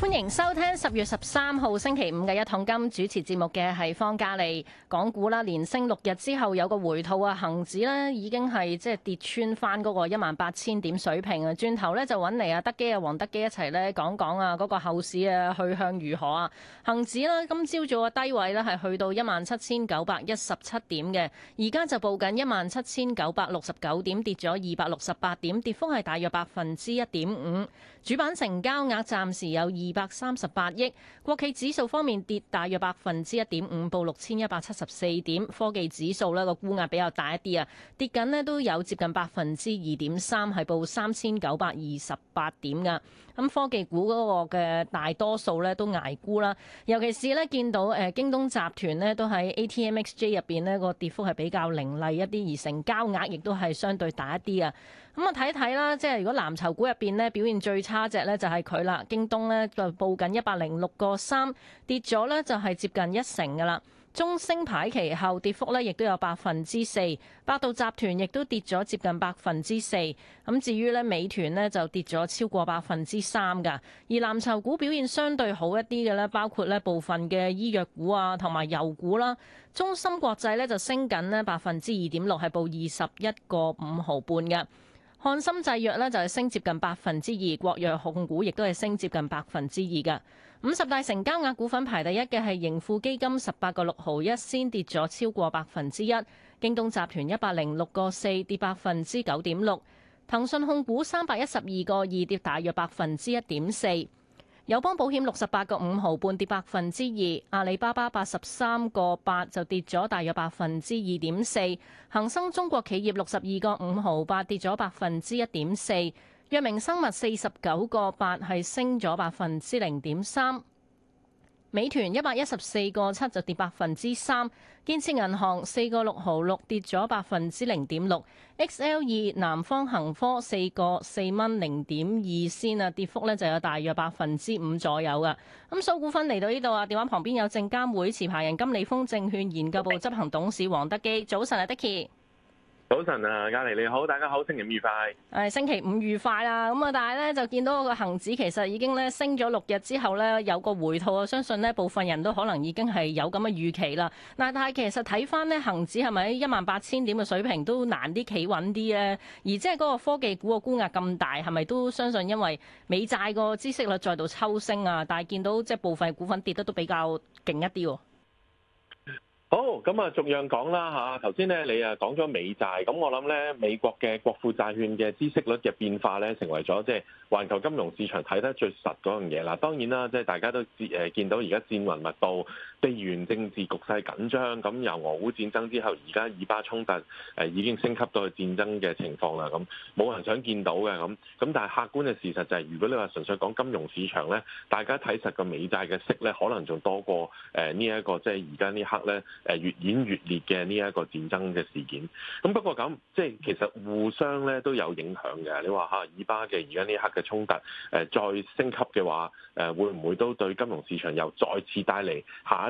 歡迎收聽十月十三號星期五嘅一桶金，主持節目嘅係方嘉利。講股啦，連升六日之後有個回吐啊，恒指呢已經係，即係跌穿翻嗰個一萬八千點水平啊，轉頭呢就揾嚟阿德幾啊、黃德幾一齊呢講講啊嗰個後市啊去向如何啊？恒指咧今朝早嘅低位呢係去到一萬七千九百一十七點嘅，而家就報緊一萬七千九百六十九點，跌咗二百六十八點，跌幅係大約百分之一點五。主板成交額暫時有二百三十八億，國企指數方面跌大約百分之一點五，報六千一百七十四點。科技指數呢個沽壓比較大一啲啊，跌緊呢都有接近百分之二點三，係報三千九百二十八點㗎。咁科技股嗰個嘅大多數呢都捱沽啦，尤其是呢見到誒京東集團呢都喺 ATMXJ 入邊呢個跌幅係比較凌厲一啲，而成交額亦都係相對大一啲啊。咁啊睇睇啦，即係如果藍籌股入邊呢表現最差隻呢就係佢啦，京東呢就報緊一百零六個三，跌咗呢就係接近一成噶啦。中升牌期後跌幅呢亦都有百分之四，百度集團亦都跌咗接近百分之四。咁至於呢，美團呢就跌咗超過百分之三噶，而藍籌股表現相對好一啲嘅呢，包括呢部分嘅醫藥股啊，同埋油股啦。中芯國際呢就升緊呢百分之二點六，係報二十一個五毫半噶。漢森製藥咧就係升接近百分之二，國藥控股亦都係升接近百分之二嘅。五十大成交額股份排第一嘅係盈富基金十八個六毫一，先跌咗超過百分之一。京東集團一百零六個四，跌百分之九點六。騰訊控股三百一十二個二，跌大約百分之一點四。友邦保險六十八個五毫半跌百分之二，阿里巴巴八十三個八就跌咗大約百分之二點四，恒生中國企業六十二個五毫八跌咗百分之一點四，藥明生物四十九個八係升咗百分之零點三。美團一百一十四個七就跌百分之三，建設銀行四個六毫六跌咗百分之零點六，XL 二南方恒科四個四蚊零點二先。啊，跌幅呢就有大約百分之五左右噶。咁收股份嚟到呢度啊，電話旁邊有證監會持牌人金利豐證券研究部執行董事黃德幾，早晨啊 Dickie 早晨啊，嘉莉你好，大家好，星期五愉快。誒、哎，星期五愉快啦。咁啊，但係咧就見到個恒指其實已經咧升咗六日之後咧有個回吐啊，相信呢部分人都可能已經係有咁嘅預期啦。嗱，但係其實睇翻呢，恒指係咪一萬八千點嘅水平都難啲企穩啲咧？而即係嗰個科技股嘅沽壓咁大，係咪都相信因為美債個孳息率再度抽升啊？但係見到即係部分股份跌得都比較勁一啲。好，咁啊，仲樣講啦吓，頭先咧，你啊講咗美債，咁我諗咧，美國嘅國庫債券嘅孳息率嘅變化咧，成為咗即係環球金融市場睇得最實嗰樣嘢啦。當然啦，即係大家都知誒見到而家戰雲密布。地緣政治局勢緊張，咁由俄烏戰爭之後，而家以巴衝突誒已經升級到去戰爭嘅情況啦，咁冇人想見到嘅咁。咁但係客觀嘅事實就係，如果你話純粹講金融市場咧，大家睇實個美債嘅息咧，可能仲多過誒呢一個即係而家呢刻咧誒越演越烈嘅呢一個戰爭嘅事件。咁不過咁即係其實互相咧都有影響嘅。你話嚇以巴嘅而家呢刻嘅衝突誒再升級嘅話誒會唔會都對金融市場又再次帶嚟下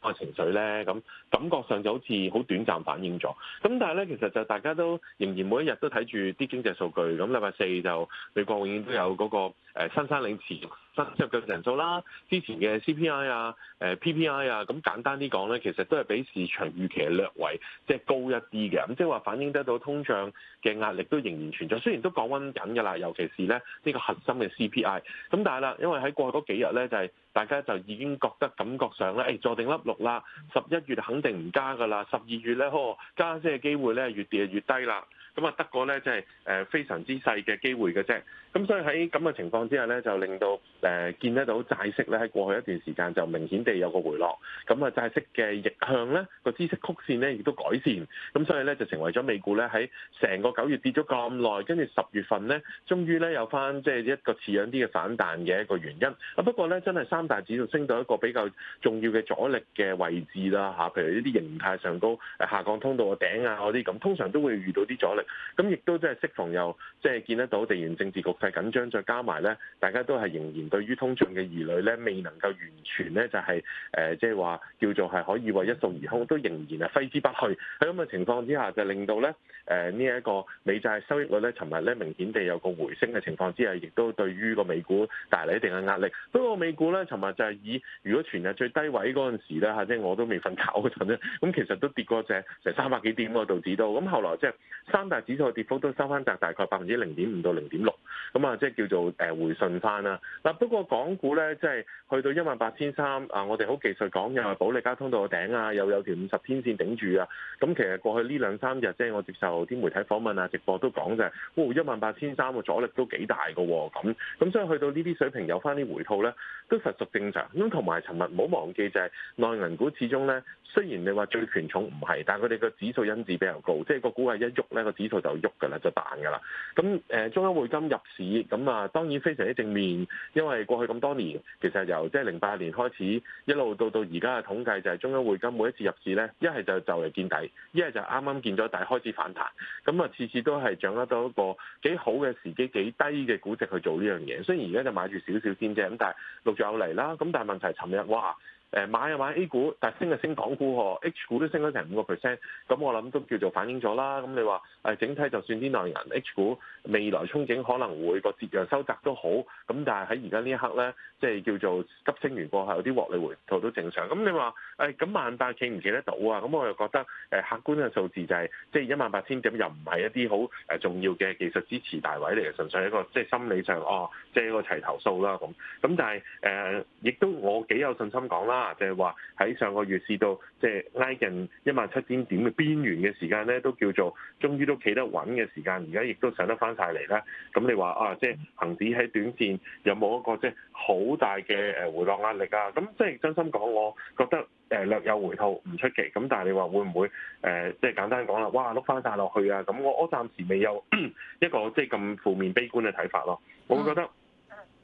個情緒咧，咁感覺上就好似好短暫反應咗。咁但係咧，其實就大家都仍然每一日都睇住啲經濟數據。咁禮拜四就美國永遠都有嗰個新山嶺前新入境人數啦，之前嘅 CPI 啊、誒 PPI 啊。咁簡單啲講咧，其實都係比市場預期略為即係高一啲嘅。咁即係話反映得到通脹嘅壓力都仍然存在，雖然都降溫緊㗎啦。尤其是咧呢、呢個核心嘅 CPI。咁但係啦，因為喺過去嗰幾日咧，就係、係、大家就已經覺得感覺上咧，誒、哎、坐定粒。六啦，十一月肯定唔加噶啦，十二月咧，哦，加息嘅機會咧，越嚟越低啦。咁啊，得個咧，就係誒非常之細嘅機會嘅啫。咁所以喺咁嘅情況之下咧，就令到誒見得到債息咧喺過去一段時間就明顯地有個回落。咁啊，債息嘅逆向咧，個孳息曲線咧亦都改善。咁所以咧就成為咗美股咧喺成個九月跌咗咁耐，跟住十月份咧，終於咧有翻即係一個似樣啲嘅反彈嘅一個原因。啊不過咧，真係三大指數升到一個比較重要嘅阻力嘅位置啦嚇，譬如呢啲形態上高、下降通道嘅頂啊嗰啲咁，通常都會遇到啲阻力。咁亦都即係適逢又即係見得到地緣政治局勢緊張，再加埋咧，大家都係仍然對於通脹嘅疑慮咧，未能夠完全咧就係、是、誒，即係話叫做係可以話一掃而空，都仍然係揮之不去。喺咁嘅情況之下，就令到咧誒呢一個美債收益率咧，尋日咧明顯地有個回升嘅情況之下，亦都對於個美股帶嚟一定嘅壓力。不過美股咧尋日就係以如果全日最低位嗰陣時咧嚇，即係我都未瞓覺嗰陣咧，咁其實都跌過成成三百幾點喎，道指都。咁後來即係三。但指數嘅跌幅都收翻窄，大概百分之零點五到零點六，咁啊，即係叫做誒回順翻啦。嗱，不過港股咧，即係去到一萬八千三啊，我哋好技術講，又係保力加通道嘅頂啊，又有條五十天線頂住啊。咁其實過去呢兩三日，即係我接受啲媒體訪問啊、直播都講嘅、就是，哇、哦，一萬八千三嘅阻力都幾大嘅喎，咁咁所以去到呢啲水平有翻啲回吐咧，都實屬正常。咁同埋，尋日唔好忘記就係、是、內銀股始終咧，雖然你話最權重唔係，但係佢哋嘅指數因子比較高，即係個股價一喐咧呢套就喐噶啦，就彈噶啦。咁誒，中央匯金入市，咁啊，當然非常之正面，因為過去咁多年，其實由即係零八年開始，一路到到而家嘅統計，就係中央匯金每一次入市咧，一係就就嚟見底，一係就啱啱見咗底開始反彈，咁啊，次次都係掌握到一個幾好嘅時機、幾低嘅估值去做呢樣嘢，雖然而家就買住少少先啫。咁但係陸續有嚟啦，咁但係問題尋日哇。誒買啊買 A 股，但係升啊升港股喎，H 股都升咗成五個 percent，咁我諗都叫做反映咗啦。咁你話誒整體就算啲內銀 H 股未來憧憬可能會個折讓收窄都好，咁但係喺而家呢一刻咧，即係叫做急升完過後有啲獲利回吐都正常。咁你話誒咁萬八，企唔企得到啊？咁我又覺得誒客觀嘅數字就係即係一萬八千點又唔係一啲好誒重要嘅技術支持大位嚟嘅，純粹一個即係心理上哦，即係一個齊頭數啦咁。咁但係誒亦都我幾有信心講啦。啊，就係話喺上個月試到即係、就是、挨近一萬七千點嘅邊緣嘅時間咧，都叫做終於都企得穩嘅時間，而家亦都上得翻晒嚟啦。咁你話啊，即係恒指喺短線有冇一個即係好大嘅誒回落壓力啊？咁即係真心講，我覺得誒、呃、略有回吐唔出奇。咁但係你話會唔會誒即係簡單講啦？哇，碌翻晒落去啊！咁我我暫時未有一個即係咁負面悲觀嘅睇法咯。我會覺得。啊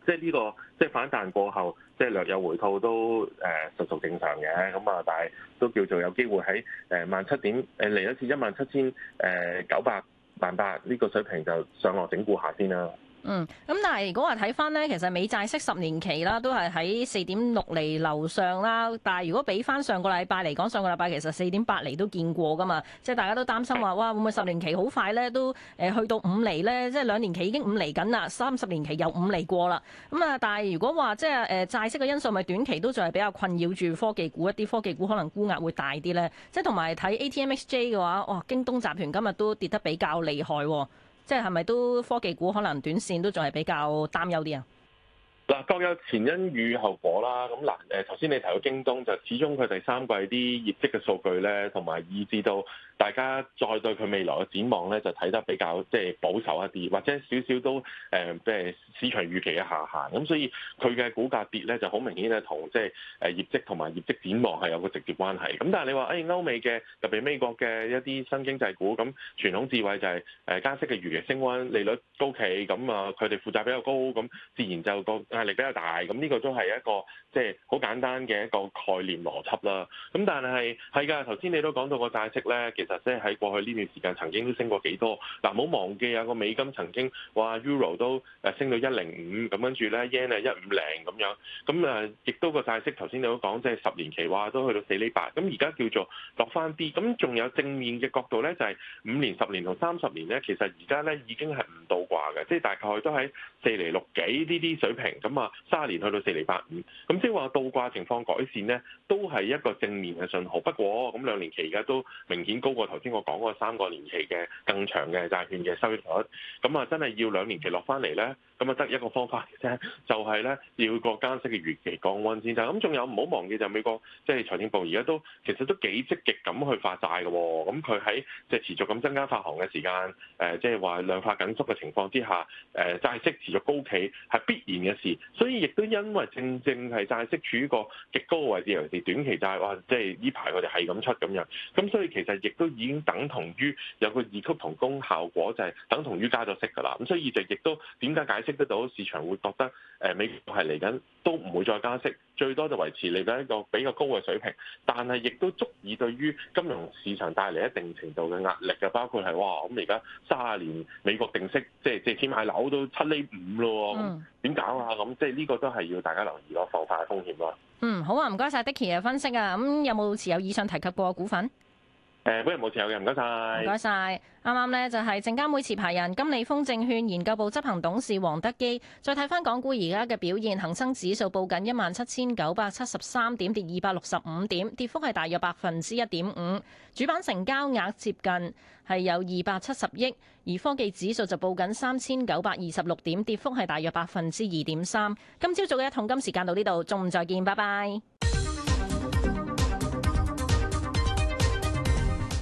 即係、這、呢個，即係反彈過後，即係略有回吐都誒，屬、呃、屬正常嘅。咁啊，但係都叫做有機會喺誒萬七點誒嚟一次一萬七千誒九百萬八，呢個水平就上落整固下先啦。嗯，咁但係如果話睇翻呢，其實美債息十年期啦，都係喺四點六厘樓上啦。但係如果比翻上個禮拜嚟講，上個禮拜其實四點八厘都見過噶嘛。即係大家都擔心話，哇，會唔會十年期好快咧都誒、呃、去到五厘咧？即係兩年期已經五厘緊啦，三十年期又五厘過啦。咁啊，但係如果話即係誒、呃、債息嘅因素，咪短期都仲係比較困擾住科技股一啲，科技股可能沽壓會大啲咧。即係同埋睇 ATMXJ 嘅話，哇，京東集團今日都跌得比較厲害，哦。即係係咪都科技股可能短線都仲係比較擔憂啲啊？嗱，各有前因與後果啦。咁嗱，誒頭先你提到京東，就始終佢第三季啲業績嘅數據咧，同埋以至到。大家再對佢未來嘅展望咧，就睇得比較即係、就是、保守一啲，或者少少都誒，即、呃、係市場預期嘅下限。咁所以佢嘅股價跌咧，就好明顯係同即係誒業績同埋業績展望係有個直接關係。咁但係你話誒、哎、歐美嘅特別美國嘅一啲新經濟股，咁傳統智慧就係誒加息嘅預期升溫，利率高企，咁啊佢哋負債比較高，咁自然就個壓力比較大。咁呢個都係一個即係好簡單嘅一個概念邏輯啦。咁但係係㗎，頭先你都講到個債息咧。即係喺過去呢段時間曾經都升過幾多，嗱、啊、冇忘記啊個美金曾經哇 Euro 都誒升到一零五，咁跟住咧 Yen 係一五零咁樣，咁啊，亦都個債息頭先你都講，即係十年期哇都去到四厘八，咁而家叫做落翻啲，咁仲有正面嘅角度咧就係、是、五年、十年同三十年咧，其實而家咧已經係唔倒掛嘅，即係大概都喺四厘六幾呢啲水平，咁啊三年去到四厘八五，咁即係話倒掛情況改善咧，都係一個正面嘅信號。不過咁兩年期而家都明顯高。我頭先我講嗰三個年期嘅更長嘅債券嘅收益率，咁啊真係要兩年期落翻嚟咧。咁啊，得一個方法嘅啫，就係、是、咧要個加息嘅預期降溫先。咁仲有唔好忘記就美國，即、就、係、是、財政部而家都其實都幾積極咁去發債嘅。咁佢喺即係持續咁增加發行嘅時間，誒即係話量化緊縮嘅情況之下，誒債息持續高企係必然嘅事。所以亦都因為正正係債息處於個極高嘅位置，尤其是短期債，話即係呢排我哋係咁出咁樣。咁所以其實亦都已經等同於有個異曲同工效果，就係、是、等同於加咗息㗎啦。咁所以就亦都點解解？識得到市場會覺得，誒美國係嚟緊，都唔會再加息，最多就維持嚟緊一個比較高嘅水平。但係亦都足以對於金融市場帶嚟一定程度嘅壓力嘅，包括係哇咁而家三十年美國定息即係借錢買樓都七厘五咯，點搞啊？咁即係呢個都係要大家留意咯，防範風險咯。嗯，好啊，唔該晒 Dicky 嘅分析啊。咁、嗯、有冇持有以上提及過嘅股份？誒，本人冇持有嘅，唔該晒，唔該晒。啱啱咧就係證監會持牌人，金利豐證券研究部執行董事黃德幾。再睇翻港股而家嘅表現，恒生指數報緊一萬七千九百七十三點，跌二百六十五點，跌幅係大約百分之一點五。主板成交額接近係有二百七十億，而科技指數就報緊三千九百二十六點，跌幅係大約百分之二點三。今朝早嘅一桶金時間到呢度，中午再見，拜拜。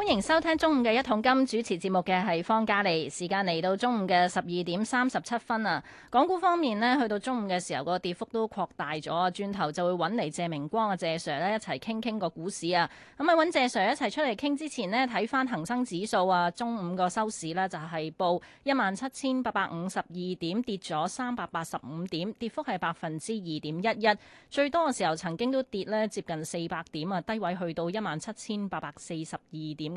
歡迎收聽中午嘅一桶金主持節目嘅係方嘉莉，時間嚟到中午嘅十二點三十七分啊！港股方面呢，去到中午嘅時候，個跌幅都擴大咗，轉頭就會揾嚟謝明光啊謝 Sir 咧，一齊傾傾個股市啊！咁喺揾謝 Sir 一齊出嚟傾之前呢，睇翻恒生指數啊，中午個收市呢，就係報一萬七千八百五十二點，跌咗三百八十五點，跌幅係百分之二點一一。最多嘅時候曾經都跌呢接近四百點啊，低位去到一萬七千八百四十二點。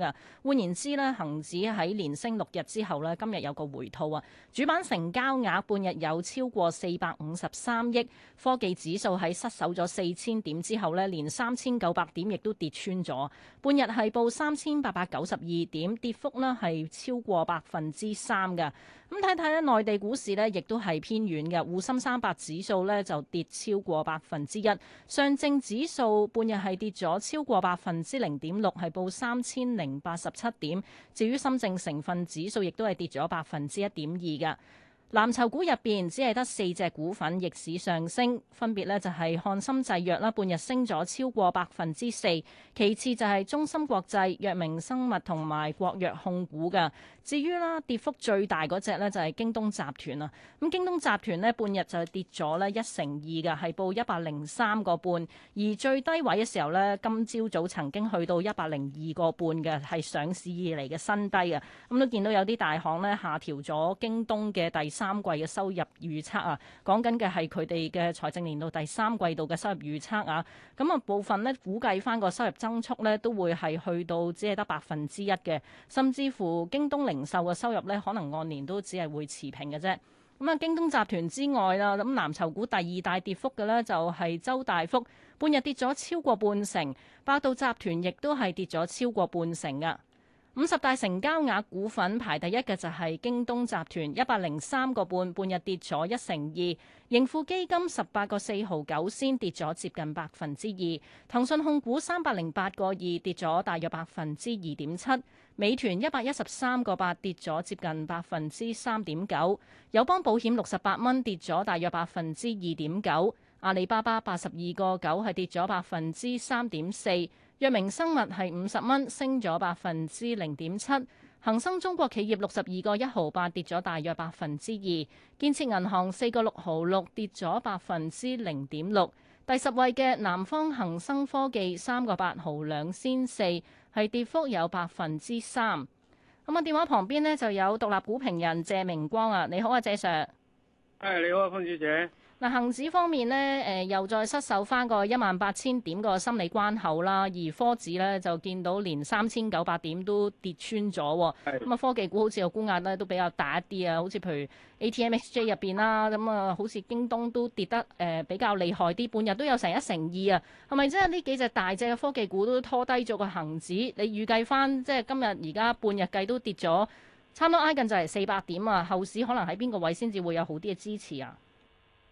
換言之呢，恒指喺連升六日之後呢，今日有個回吐啊。主板成交額半日有超過四百五十三億。科技指數喺失守咗四千點之後呢，連三千九百點亦都跌穿咗。半日係報三千八百九十二點，跌幅呢係超過百分之三嘅。咁睇睇咧，內地股市呢亦都係偏軟嘅。滬深三百指數呢就跌超過百分之一，上證指數半日係跌咗超過百分之零點六，係報三千零八十七點。至於深證成分指數，亦都係跌咗百分之一點二嘅。藍籌股入邊，只係得四隻股份逆市上升，分別呢就係翰森製藥啦，半日升咗超過百分之四；其次就係中芯國際、藥明生物同埋國藥控股嘅。至於啦，跌幅最大嗰隻呢，就係京東集團啦。咁京東集團呢，半日就跌咗呢一成二嘅，係報一百零三個半。而最低位嘅時候呢，今朝早曾經去到一百零二個半嘅，係上市以嚟嘅新低啊。咁都見到有啲大行呢，下調咗京東嘅第三季嘅收入預測啊，講緊嘅係佢哋嘅財政年度第三季度嘅收入預測啊。咁啊部分呢，估計返個收入增速呢，都會係去到只係得百分之一嘅，甚至乎京東零售嘅收入咧，可能按年都只係會持平嘅啫。咁啊，京東集團之外啦，咁藍籌股第二大跌幅嘅咧，就係周大福，半日跌咗超過半成；百度集團亦都係跌咗超過半成㗎。五十大成交額股份排第一嘅就係京東集團一百零三個半，半日跌咗一成二。盈富基金十八個四毫九先跌咗接近百分之二。騰訊控股三百零八個二跌咗大約百分之二點七。美團一百一十三個八跌咗接近百分之三點九。友邦保險六十八蚊跌咗大約百分之二點九。阿里巴巴八十二個九係跌咗百分之三點四。藥明生物係五十蚊，升咗百分之零點七。恆生中國企業六十二個一毫八，跌咗大約百分之二。建設銀行四個六毫六，跌咗百分之零點六。第十位嘅南方恆生科技三個八毫兩仙四，係跌幅有百分之三。咁啊，電話旁邊呢就有獨立股評人謝明光啊，你好啊，謝 sir。誒、哎，你好啊，方小姐。嗱，恆指方面咧，誒、呃、又再失守翻個一萬八千點個心理關口啦。而科指咧就見到連三千九百點都跌穿咗、啊，咁啊的科技股好似個沽壓咧都比較大一啲啊。好似譬如 A T M S J 入邊啦，咁、嗯、啊，好似京東都跌得誒、呃、比較厲害啲，半日都有成一成二啊。係咪即係呢幾隻大隻嘅科技股都拖低咗個恒指？你預計翻即係今日而家半日計都跌咗差唔多挨近就係四百點啊。後市可能喺邊個位先至會有好啲嘅支持啊？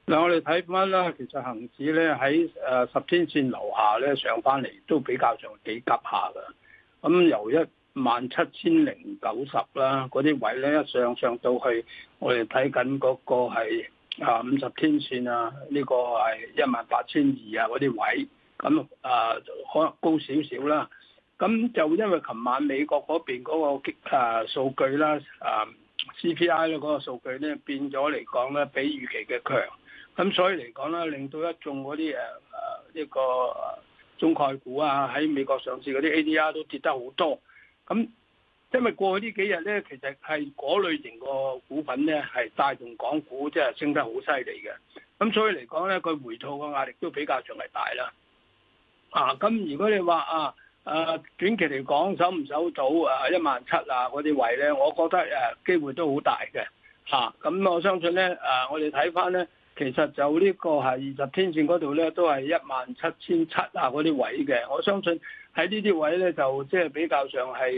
嗱，我哋睇翻啦，其實恒指咧喺誒十天線樓下咧上翻嚟都比較上幾急下噶，咁由一萬七千零九十啦，嗰啲位咧一上上到去，我哋睇緊嗰個係啊五十天線啊，呢個係一萬八千二啊嗰啲位，咁啊可能高少少啦。咁就因為琴晚美國嗰邊嗰個誒數據啦，啊 CPI 咧嗰個數據咧、啊、變咗嚟講咧比預期嘅強。咁所以嚟講咧，令到一眾嗰啲誒誒呢個中概股啊，喺美國上市嗰啲 ADR 都跌得好多。咁因為過去幾呢幾日咧，其實係嗰類型個股份咧，係帶動港股即係、就是、升得好犀利嘅。咁所以嚟講咧，佢回吐嘅壓力都比較仲係大啦。啊，咁如果你話啊誒短期嚟講守唔守到啊一萬七啊嗰啲位咧，我覺得誒、啊、機會都好大嘅嚇。咁、啊、我相信咧誒、啊，我哋睇翻咧。其實就呢個係二十天線嗰度咧，都係一萬七千七啊嗰啲位嘅。我相信喺呢啲位咧，就即係比較上係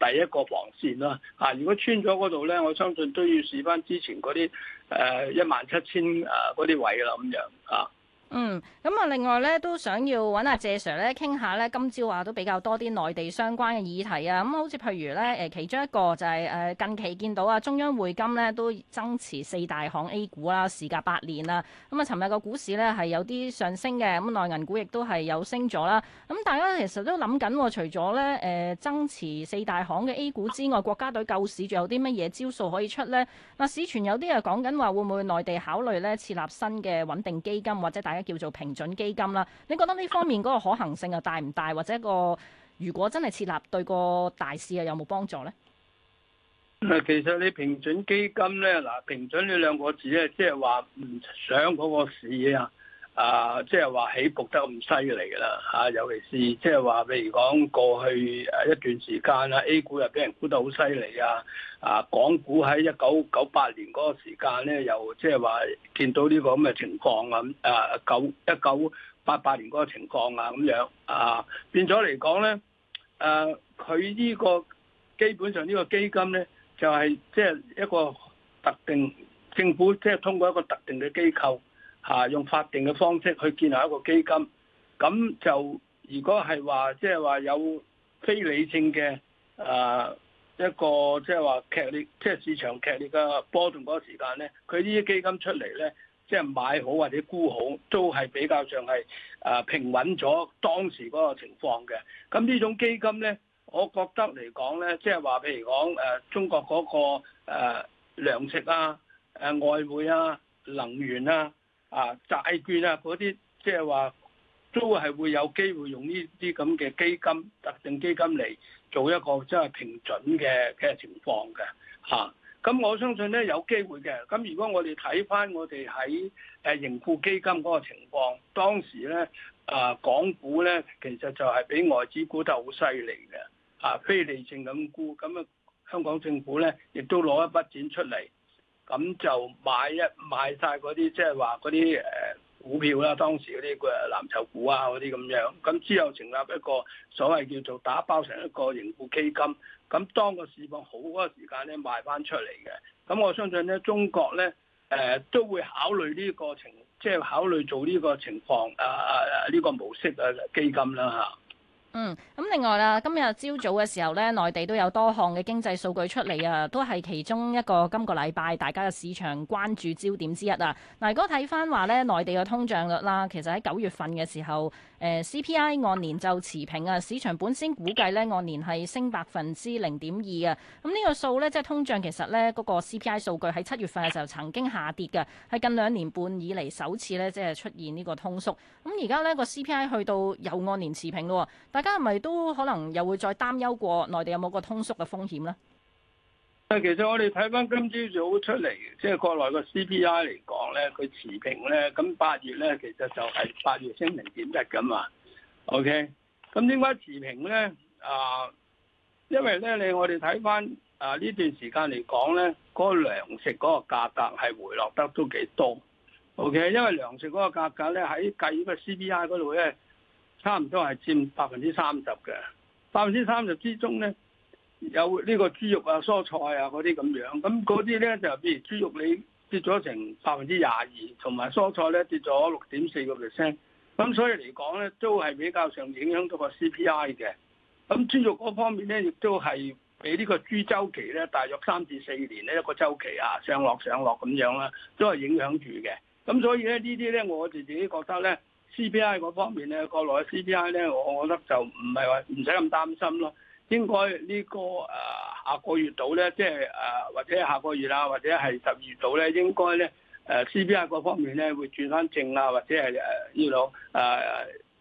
誒第一個防線啦。啊，如果穿咗嗰度咧，我相信都要試返之前嗰啲誒一萬七千啊嗰啲位啦咁樣啊。嗯，咁啊，另外咧都想要揾阿謝 Sir 咧傾下咧，今朝啊都比較多啲內地相關嘅議題啊，咁、嗯、好似譬如咧誒、呃，其中一個就係、是、誒、呃、近期見到啊中央匯金咧都增持四大行 A 股啦，時隔八年啦，咁、嗯、啊，尋日個股市咧係有啲上升嘅，咁、嗯、內銀股亦都係有升咗啦，咁、嗯、大家其實都諗緊，除咗咧誒增持四大行嘅 A 股之外，國家隊救市仲有啲乜嘢招數可以出呢？嗱、啊，市傳有啲人講緊話會唔會內地考慮咧設立新嘅穩定基金，或者大家，叫做平準基金啦，你覺得呢方面嗰個可行性啊大唔大，或者個如果真係設立對個大市啊有冇幫助呢？其實你平準基金呢，嗱，平準呢兩個字咧，即係話唔想嗰個市啊。啊，即係話起伏得咁犀利啦嚇，尤其是即係話，譬如講過去誒一段時間啦，A 股又俾人沽得好犀利啊！啊，港股喺一九九八年嗰個時間咧，又即係話見到呢個咁嘅情況咁啊，九一九八八年嗰個情況啊咁樣啊，變咗嚟講咧，誒佢呢個基本上呢個基金咧，就係即係一個特定政府，即係通過一個特定嘅機構。嚇、啊、用法定嘅方式去建立一個基金，咁就如果係話即係話有非理性嘅啊一個即係話劇烈即係、就是、市場劇烈嘅波動嗰個時間咧，佢呢啲基金出嚟咧，即、就、係、是、買好或者沽好，都係比較上係啊平穩咗當時嗰個情況嘅。咁呢種基金咧，我覺得嚟講咧，即係話譬如講誒、啊、中國嗰、那個誒、啊、糧食啊、誒外匯啊、能源啊。啊，債券啊，嗰啲即係話都係會有機會用呢啲咁嘅基金、特定基金嚟做一個即係平準嘅嘅情況嘅嚇。咁、啊、我相信咧有機會嘅。咁如果我哋睇翻我哋喺誒盈富基金嗰個情況，當時咧啊港股咧其實就係俾外資沽得好犀利嘅啊，非理性咁沽，咁啊香港政府咧亦都攞一筆錢出嚟。咁就買一買晒嗰啲即係話嗰啲誒股票啦，當時嗰啲誒藍籌股啊嗰啲咁樣，咁之後成立一個所謂叫做打包成一個盈富基金，咁當個市況好嗰個時間咧賣翻出嚟嘅，咁我相信咧中國咧誒、呃、都會考慮呢個情，即係考慮做呢個情況啊啊呢個模式嘅基金啦嚇。啊。嗯，咁另外啦，今日朝早嘅時候咧，內地都有多項嘅經濟數據出嚟啊，都係其中一個今個禮拜大家嘅市場關注焦點之一啊。嗱，如果睇翻話咧，內地嘅通脹率啦，其實喺九月份嘅時候，誒 CPI 按年就持平啊，市場本身估計咧，按年係升百分之零點二啊，咁、這、呢個數咧即係通脹，其實咧嗰個 CPI 數據喺七月份嘅時候曾經下跌嘅，係近兩年半以嚟首次咧即係出現呢個通縮。咁而家咧個 CPI 去到又按年持平咯，大家係咪都可能又會再擔憂過內地有冇個通縮嘅風險呢？其實我哋睇翻今朝早出嚟，即係國內個 CPI 嚟講咧，佢持平咧。咁八月咧，其實就係八月升零點一咁啊。OK，咁點解持平咧？啊，因為咧，你我哋睇翻啊呢段時間嚟講咧，嗰個糧食嗰個價格係回落得都幾多。OK，因為糧食嗰個價格咧喺計嗰個 CPI 嗰度咧，差唔多係佔百分之三十嘅。百分之三十之中咧，有呢個豬肉啊、蔬菜啊嗰啲咁樣，咁嗰啲咧就譬如豬肉你跌咗成百分之廿二，同埋蔬菜咧跌咗六點四個 percent，咁所以嚟講咧都係比較上影響到個 CPI 嘅。咁豬肉嗰方面咧，亦都係俾呢個豬周期咧，大約三至四年呢一個周期啊，上落上落咁樣啦，都係影響住嘅。咁所以咧呢啲咧，我哋自己覺得咧 CPI 嗰方面咧，國內嘅 CPI 咧，我覺得就唔係話唔使咁擔心咯。應該，這個呃、應該呢個誒下個月度咧，即係誒或者下個月啊，或者係十二月度咧，應該咧誒 CPI 嗰方面咧會轉翻正啊，或者係誒呢度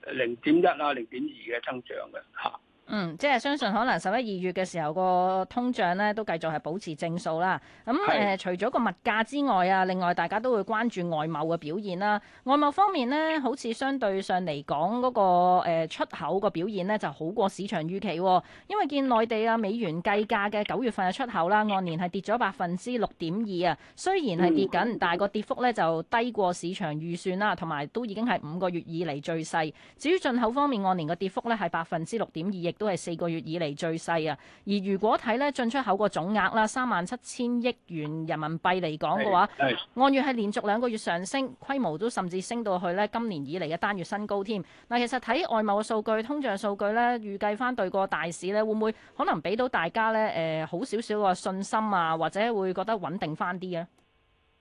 誒零點一啊零點二嘅增長嘅嚇。嗯，即係相信可能十一二月嘅時候個通脹呢都繼續係保持正數啦。咁、嗯、誒是、呃，除咗個物價之外啊，另外大家都會關注外貿嘅表現啦、啊。外貿方面呢，好似相對上嚟講嗰個、呃、出口個表現呢就好過市場預期喎、啊。因為見內地啊美元計價嘅九月份嘅出口啦、啊，按年係跌咗百分之六點二啊。雖然係跌緊，但係個跌幅呢就低過市場預算啦、啊，同埋都已經係五個月以嚟最細。至於進口方面，按年嘅跌幅呢係百分之六點二，亦都係四個月以嚟最細啊。而如果睇咧進出口個總額啦，三萬七千億元人民幣嚟講嘅話，按月係連續兩個月上升，規模都甚至升到去咧今年以嚟嘅單月新高添。嗱，其實睇外貿數據、通脹數據咧，預計翻對個大市咧，會唔會可能俾到大家咧誒、呃、好少少嘅信心啊，或者會覺得穩定翻啲啊？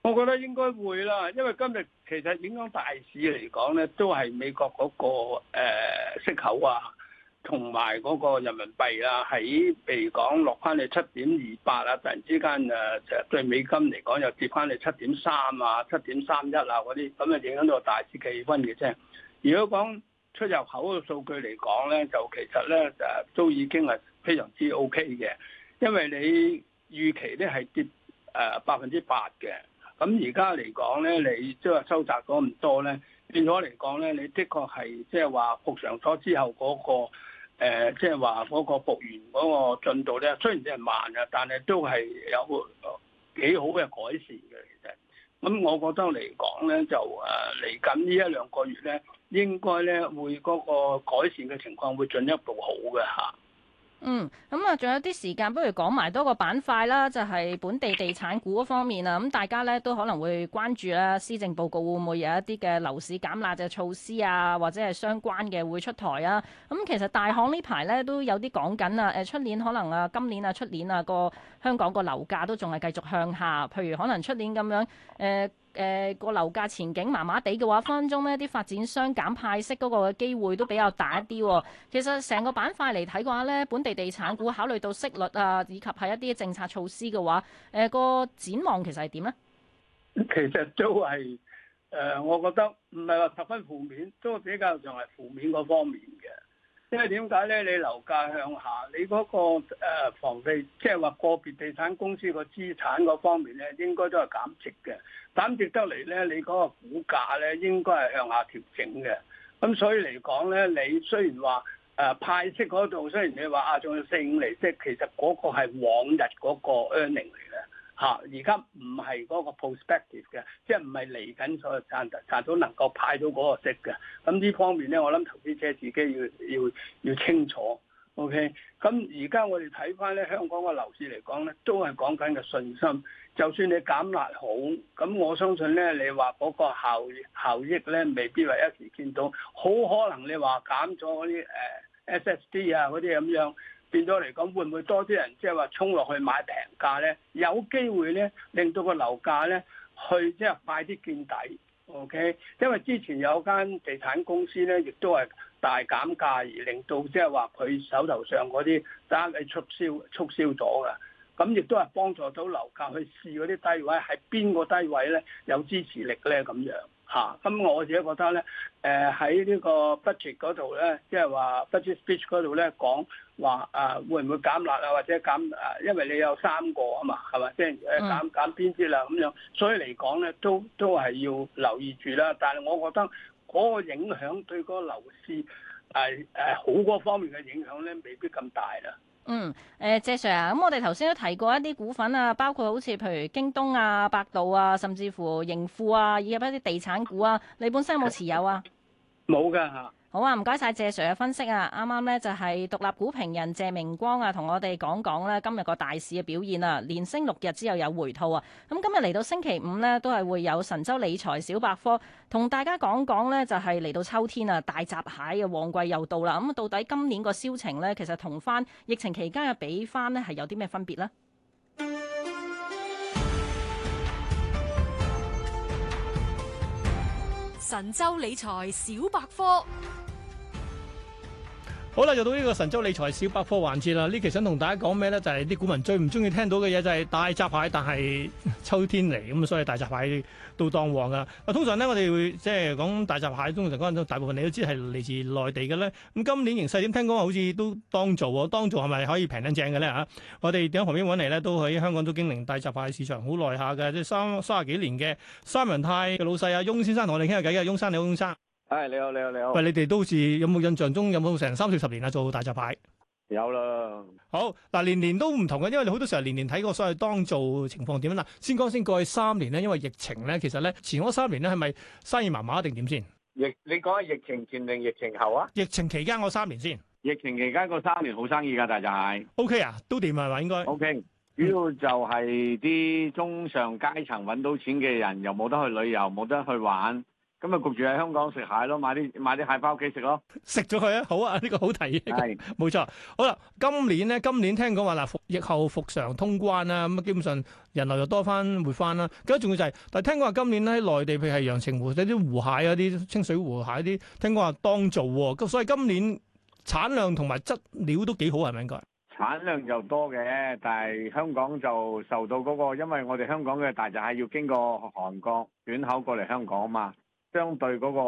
我覺得應該會啦，因為今日其實影響大市嚟講咧，都係美國嗰、那個、呃、息口啊。同埋嗰個人民幣啊，喺譬如講落翻你七點二八啊，突然之間誒、呃，對美金嚟講又跌翻你七點三啊、七點三一啊嗰啲，咁啊影響到大市氣氛嘅啫。如果講出入口嘅數據嚟講咧，就其實咧誒都已經係非常之 OK 嘅，因為你預期咧係跌誒百分之八嘅，咁而家嚟講咧，你即係話收窄咗咁多咧，變咗嚟講咧，你的確係即係話復常咗之後嗰、嗰個。誒，即係話嗰個復原嗰個進度咧，雖然即係慢啊，但係都係有幾好嘅改善嘅。其實，咁我覺得嚟講咧，就誒嚟緊呢一兩個月咧，應該咧會嗰個改善嘅情況會進一步好嘅嚇。嗯，咁啊，仲有啲時間，不如講埋多個板塊啦，就係本地地產股方面啊。咁大家咧都可能會關注啦，施政報告會唔會有一啲嘅樓市減壓減辣嘅措施啊，或者係相關嘅會出台啊。咁其實大行呢排咧都有啲講緊啊，誒，出年可能啊，今年啊，出年啊，個香港個樓價都仲係繼續向下，譬如可能出年咁樣誒。呃誒、呃、個樓價前景麻麻地嘅話，分分鐘呢啲發展商減派息嗰個嘅機會都比較大一啲，哦。其實成個板塊嚟睇嘅話呢，本地地產股考慮到息率啊，以及係一啲政策措施嘅話，誒、呃、個展望其實係點呢？其實都係誒、呃，我覺得唔係話十分負面，都比較上係負面嗰方面嘅。即係點解咧？你樓價向下，你嗰個誒房地，即係話個別地產公司個資產嗰方面咧，應該都係減值嘅，減值得嚟咧，你嗰個股價咧應該係向下調整嘅。咁所以嚟講咧，你雖然話誒派息嗰度，雖然你話啊，仲有四五釐，即係其實嗰個係往日嗰個 earning 嚟嘅。嚇！而家唔係嗰個 prospective 嘅，即係唔係嚟緊所賺賺到能夠派到嗰個息嘅。咁呢方面咧，我諗投資者自己要要要清楚。OK。咁而家我哋睇翻咧香港個樓市嚟講咧，都係講緊嘅信心。就算你減辣好，咁我相信咧，你話嗰個效效益咧，未必話一時見到。好可能你話減咗嗰啲誒 SSD 啊嗰啲咁樣。變咗嚟講，會唔會多啲人即係話衝落去買平價咧？有機會咧，令到個樓價咧，去即係快啲見底，OK？因為之前有間地產公司咧，亦都係大減價而令到即係話佢手頭上嗰啲單位促銷促銷咗嘅，咁亦都係幫助到樓價去試嗰啲低位，係邊個低位咧有支持力咧咁樣？嚇！咁、啊、我自己覺得咧，誒、呃、喺呢個 budget 嗰度咧，即、就、係、是、話 budget speech 嗰度咧講話啊，會唔會減辣啊，或者減啊、呃？因為你有三個啊嘛，係咪？即、呃、係減減邊啲啦咁樣，所以嚟講咧，都都係要留意住啦。但係我覺得嗰個影響對嗰個樓市係誒好嗰方面嘅影響咧，未必咁大啦。嗯，誒 j s i r 啊，咁我哋頭先都提過一啲股份啊，包括好似譬如京東啊、百度啊，甚至乎盈富啊，以及一啲地產股啊，你本身有冇持有啊？冇㗎嚇。好啊，唔該晒謝 Sir 嘅分析啊！啱啱呢就係、是、獨立股評人謝明光啊，同我哋講講呢今日個大市嘅表現啊。連升六日之後有回吐啊！咁今日嚟到星期五呢，都係會有神州理財小百科同大家講講呢，就係、是、嚟到秋天啊，大閘蟹嘅旺季又到啦！咁、嗯、到底今年個銷情呢，其實同翻疫情期間嘅比翻呢，係有啲咩分別呢？神州理財小百科。好啦，又到呢個神州理財小百科環節啦。呢期想同大家講咩咧？就係啲股民最唔中意聽到嘅嘢，就係大閘蟹，但係秋天嚟咁，所以大閘蟹都當旺噶。通常咧，我哋會即係講大閘蟹，通常講大部分你都知係嚟自內地嘅咧。咁今年形勢點？聽講好似都當造喎，當造係咪可以平得正嘅咧嚇？我哋點喺旁邊揾嚟咧，都喺香港都經營大閘蟹市場好耐下嘅，即係三三十幾年嘅三文泰嘅老細阿翁先生同我哋傾下偈嘅，翁生你好，翁生。誒，你好，你好，你好。喂，你哋都好似有冇印象中有冇成三四十年啊？做大閘蟹有啦了。好，嗱，年年都唔同嘅，因為好多時候年年睇個所謂當造情況點啦。先講先過去三年咧，因為疫情咧，其實咧前嗰三年咧係咪生意麻麻定點先？疫，你講下疫情前定疫情後啊？疫情期間個三年先。疫情期間個三年好生意噶，大閘係。OK 啊，都掂係嘛，應該。OK，主要就係啲中上階層揾到錢嘅人，又冇得去旅遊，冇得去玩。咁啊，焗住喺香港食蟹咯，買啲買啲蟹翻屋企食咯，食咗佢啊，好啊，呢個好提嘅，係冇錯。好啦，今年咧，今年聽講話嗱，疫後復常通關啦，咁啊，基本上人流又多翻，活翻啦。咁啊，更加重要就係，但係聽講話今年咧喺內地，譬如係陽澄湖嗰啲湖蟹啊，啲清水湖蟹啲，聽講話當造喎，咁所以今年產量同埋質料都幾好啊，係咪應該？產量就多嘅，但係香港就受到嗰個，因為我哋香港嘅大閘蟹要經過韓國轉口過嚟香港啊嘛。相對嗰個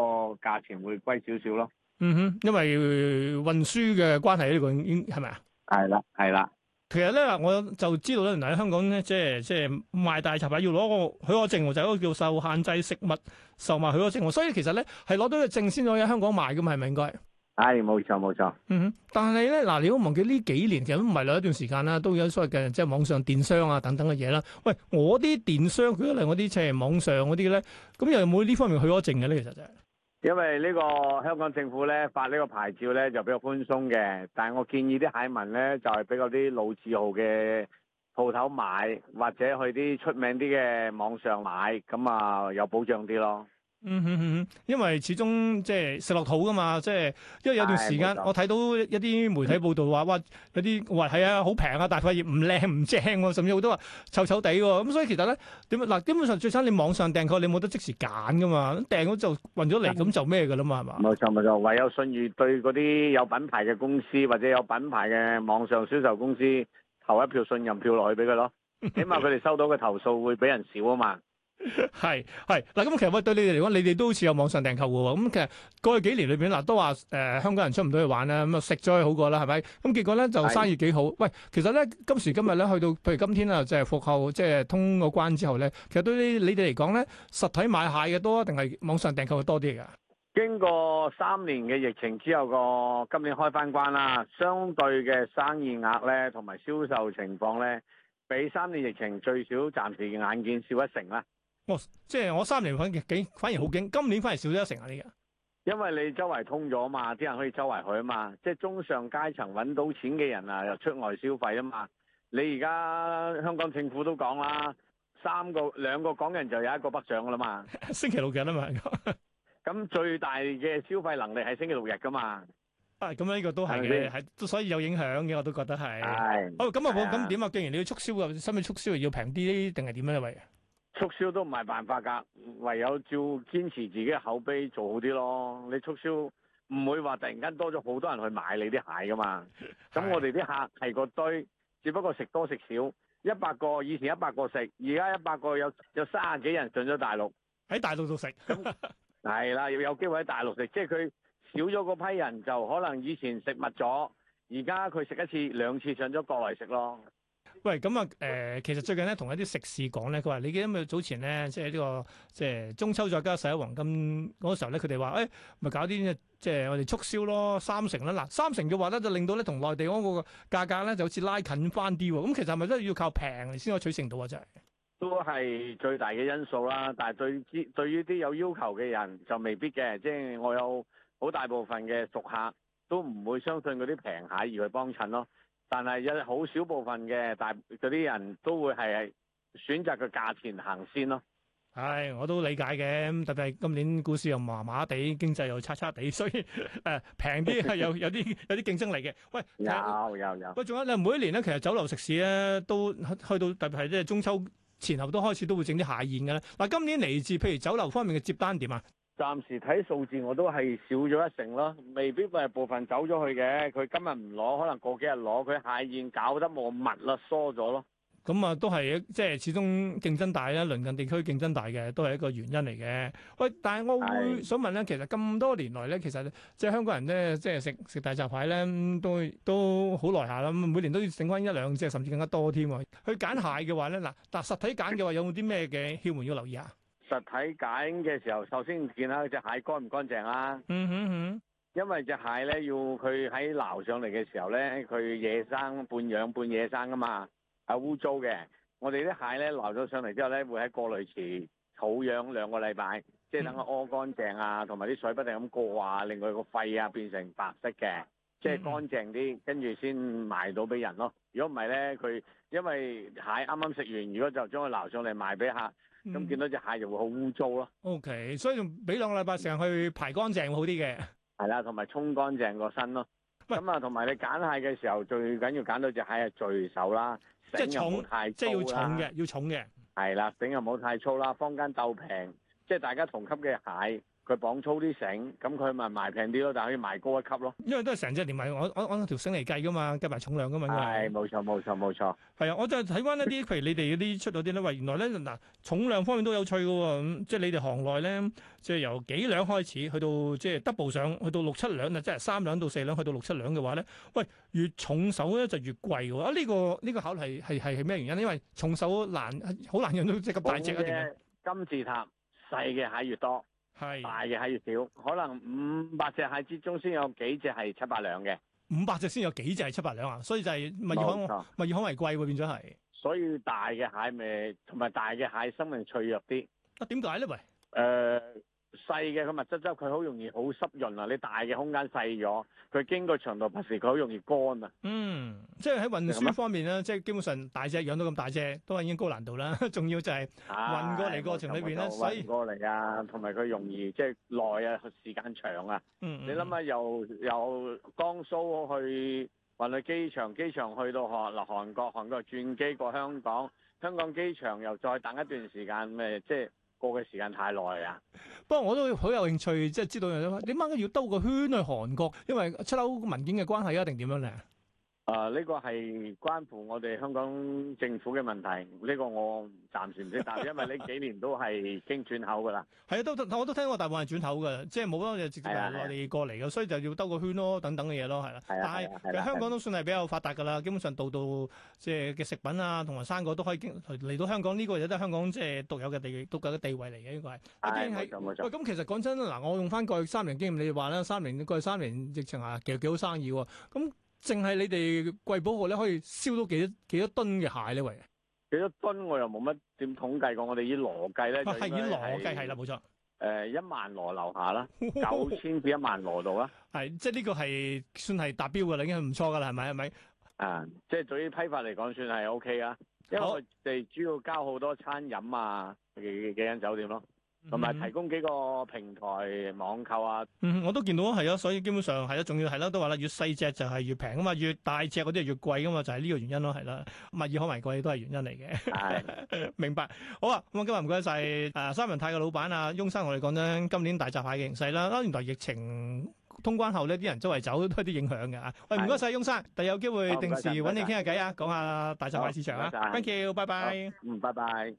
價錢會貴少少咯，嗯哼，因為運輸嘅關係呢個應，係咪啊？係啦係啦，其實咧我就知道咧，原來喺香港咧，即係即係賣大閘蟹要攞個許可證，就係一個叫受限制食物售賣許可證，所以其實咧係攞到個證先可以喺香港賣噶嘛，係咪應該？係，冇錯冇錯。錯錯嗯哼，但係咧，嗱，你好忘記呢幾年其實都唔係一段時間啦，都有所謂嘅即係網上電商啊等等嘅嘢啦。喂，我啲電商佢一類，我啲即係網上嗰啲咧，咁又有冇呢方面許可證嘅咧？其實就係因為呢個香港政府咧發呢個牌照咧就比較寬鬆嘅，但係我建議啲蟹民咧就係、是、畀啲老字號嘅鋪頭買，或者去啲出名啲嘅網上買，咁啊有保障啲咯。嗯嗯嗯嗯，因為始終即係食落肚噶嘛，即係因為有段時間我睇到一啲媒體報導話，哇有啲話係啊，好平啊，但係佢唔靚唔正喎，甚至好多話臭臭地喎，咁所以其實咧點啊嗱，基本上最差你網上訂購你冇得即時揀噶嘛，訂咗就運咗嚟咁就咩㗎啦嘛，係嘛？冇錯冇錯，唯有信譽對嗰啲有品牌嘅公司或者有品牌嘅網上銷售公司投一票信任票落去俾佢咯，起碼佢哋收到嘅投訴會比人少啊嘛。係係嗱，咁 其實喂，對你哋嚟講，你哋都好似有網上訂購嘅喎。咁其實過去幾年裏邊，嗱都話誒、呃，香港人出唔到去玩啦，咁啊食咗好過啦，係咪？咁結果咧就生意幾好。是的 喂，其實咧今時今日咧，去到譬如今天啊，即係復後即係、就是、通過關之後咧，其實對於你哋嚟講咧，實體買蟹嘅多，定係網上訂購嘅多啲噶？經過三年嘅疫情之後，個今年開翻關啦，相對嘅生意額咧，同埋銷售情況咧，比三年疫情最少暫時嘅眼見少一成啦。我即係我三年反幾反而好勁，今年反而少咗一成啲嘅。因為你周圍通咗嘛，啲人可以周圍去啊嘛。即係中上階層搵到錢嘅人啊，又出外消費啊嘛。你而家香港政府都講啦，三個兩個港人就有一個北上噶啦嘛。星期六日啊嘛。咁最大嘅消費能力係星期六日噶嘛。啊，咁樣呢個都係嘅，係所以有影響嘅，我都覺得係。係。好，咁啊，咁點啊？既然你要促銷，甚至促銷要平啲定係點啊？係咪？促銷都唔係辦法噶，唯有照堅持自己嘅口碑做好啲咯。你促銷唔會話突然間多咗好多人去買你啲蟹噶嘛？咁是的 我哋啲客係個堆，只不過食多食少，一百個以前一百個食，而家一百個有有三十幾人上咗大陸，喺大陸度食。咁係啦，要有機會喺大陸食，即係佢少咗嗰批人，就可能以前食物咗，而家佢食一次、兩次上咗國內食咯。喂，咁啊，誒、呃，其實最近咧，同一啲食肆講咧，佢話你記得咪早前咧，即係、這、呢個即係中秋再加十一黃金嗰時候咧，佢哋話誒，咪、哎、搞啲即係我哋促銷咯，三成啦，嗱，三成嘅話咧，就令到咧同內地嗰個價格咧就好似拉近翻啲喎，咁、嗯、其實係咪都要靠平先可以取成到啊？真係都係最大嘅因素啦，但係對之對呢啲有要求嘅人就未必嘅，即、就、係、是、我有好大部分嘅熟客都唔會相信嗰啲平蟹而去幫襯咯。但係有好少部分嘅，大嗰啲人都會係選擇個價錢行先咯。係，我都理解嘅。咁特別今年股市又麻麻地，經濟又差差地，所以誒平啲係有有啲有啲競爭力嘅。喂，有有有喂，仲有咧，每一年咧，其實酒樓食肆咧都去到特別係即係中秋前後都開始都會整啲蟹宴嘅咧。嗱，今年嚟自譬如酒樓方面嘅接單點啊？暫時睇數字，我都係少咗一成咯，未必係部分走咗去嘅。佢今日唔攞，可能過幾日攞。佢蟹宴搞得冇咁密啦，疏咗咯。咁啊，都係即係始終競爭大啦，鄰近地區競爭大嘅，都係一個原因嚟嘅。喂，但係我會想問咧，其實咁多年來咧，其實即係香港人咧，即係食食大閘蟹咧，都都好耐下啦。每年都要整翻一兩隻，甚至更加多添。去揀蟹嘅話咧，嗱，但實體揀嘅話，有冇啲咩嘅竅門要留意啊？實體揀嘅時候，首先見下隻蟹乾唔乾淨啊？嗯哼哼， 因為隻蟹咧，要佢喺撈上嚟嘅時候咧，佢野生半養半野生噶嘛，係污糟嘅。我哋啲蟹咧撈咗上嚟之後咧，會喺過濾池草養兩個禮拜，即係等佢屙乾淨啊，同埋啲水不停咁過啊，令佢個肺啊變成白色嘅，即係乾淨啲，跟住先賣到俾人咯。如果唔係咧，佢因為蟹啱啱食完，如果就將佢撈上嚟賣俾客。咁見到隻蟹就會好污糟咯。OK，所以用俾兩個禮拜成日去排乾淨好啲嘅，係啦，同埋沖乾淨個身咯。咁啊，同埋你揀蟹嘅時候，最緊要揀到隻蟹係聚手啦，即係重，即係要重嘅，要重嘅。係啦，繩又唔好太粗啦，坊間鬥平，即係大家同級嘅蟹。佢綁粗啲繩，咁佢咪賣平啲咯，但可以賣高一級咯。因為都係成隻連埋，我我我，我條繩嚟計噶嘛，計埋重量噶嘛。係、哎，冇錯，冇錯，冇錯、嗯。係啊、嗯，我就睇翻一啲，譬如你哋嗰啲出到啲咧，喂，原來咧嗱、呃、重量方面都有趣噶喎、嗯。即係你哋行內咧，即係由幾兩開始，去到即係 double 上去到六七兩啊，即係三兩到四兩，去到六七兩嘅話咧，喂，越重手咧就越貴喎。啊，呢、呢個呢、呢個考慮係係係咩原因？因為重手難好難用到即咁大隻啊，金字塔細嘅蟹越多？係是大嘅蟹越少，可能五百隻蟹之中先有幾隻係七八兩嘅。五百隻先有幾隻係七八兩啊？所以就係物以罕錯物以罕為貴，變咗係。所以大嘅蟹咪同埋大嘅蟹生命脆弱啲。啊？點解咧？喂？誒、呃。細嘅佢物質質佢好容易好濕潤啊！你大嘅空間細咗，佢經過長途跋涉佢好容易乾啊！嗯，即係喺運輸方面咧，即係基本上大隻養到咁大隻都係已經高難度啦。仲要就係運過嚟過程裏邊咧，所、哎、過嚟啊，同埋佢容易即係耐啊，時間長啊。嗯嗯你諗下由由江蘇去運去機場，機場去到韓嗱韓國，韓國轉機過香港，香港機場又再等一段時間，咪即係。過嘅時間太耐啊！ 不過我都好有興趣，即係知道點解要兜個圈去韓國，因為出口文件嘅關係，一定點樣咧？啊！呢個係關乎我哋香港政府嘅問題。呢個我暫時唔識答，因為呢幾年都係經轉口㗎啦。係啊，都我都聽過大部分係轉口㗎，即係冇多嘢直接係內地過嚟嘅，所以就要兜個圈咯，等等嘅嘢咯，係啦。係啊，係啊。但係其實香港都算係比較發達㗎啦，基本上度度即係嘅食品啊，同埋生果都可以經嚟到香港，呢個亦都係香港即係獨有嘅地獨有嘅地位嚟嘅呢個係。咁喂，咁其實講真嗱，我用翻過去三年經驗，你哋話啦，三年過去三年疫情下其實幾好生意喎，咁。淨係你哋貴寶號咧，可以燒到幾多幾多噸嘅蟹呢？喂，幾多噸我又冇乜點統計過，我哋依籮計咧。係依籮計係啦，冇錯。誒、呃，一萬籮樓下啦，九千 至一萬籮度啦。係，即係呢個係算係達標噶啦，已經係唔錯噶啦，係咪？係咪？啊，即係對於批發嚟講，算係 O K 啊，因為我哋主要交好多餐飲啊，幾間酒店咯。同埋提供幾個平台網購啊，嗯，我都見到係咯，所以基本上係咯，仲要係咯，都話啦，越細隻就係越平啊嘛，越大隻嗰啲越貴噶嘛，就係、是、呢個原因咯，係啦，物以稀為貴都係原因嚟嘅。係的， 明白。好啊，咁啊，今日唔該晒誒，三文泰嘅老闆啊，翁生我，我哋講緊今年大閘蟹嘅形勢啦。啦，原來疫情通關後呢啲人周圍走都有啲影響嘅啊。喂的，唔該晒翁生，第有機會定時揾你傾下偈啊，講下大閘蟹市場啊。thank you，拜拜。嗯，拜拜。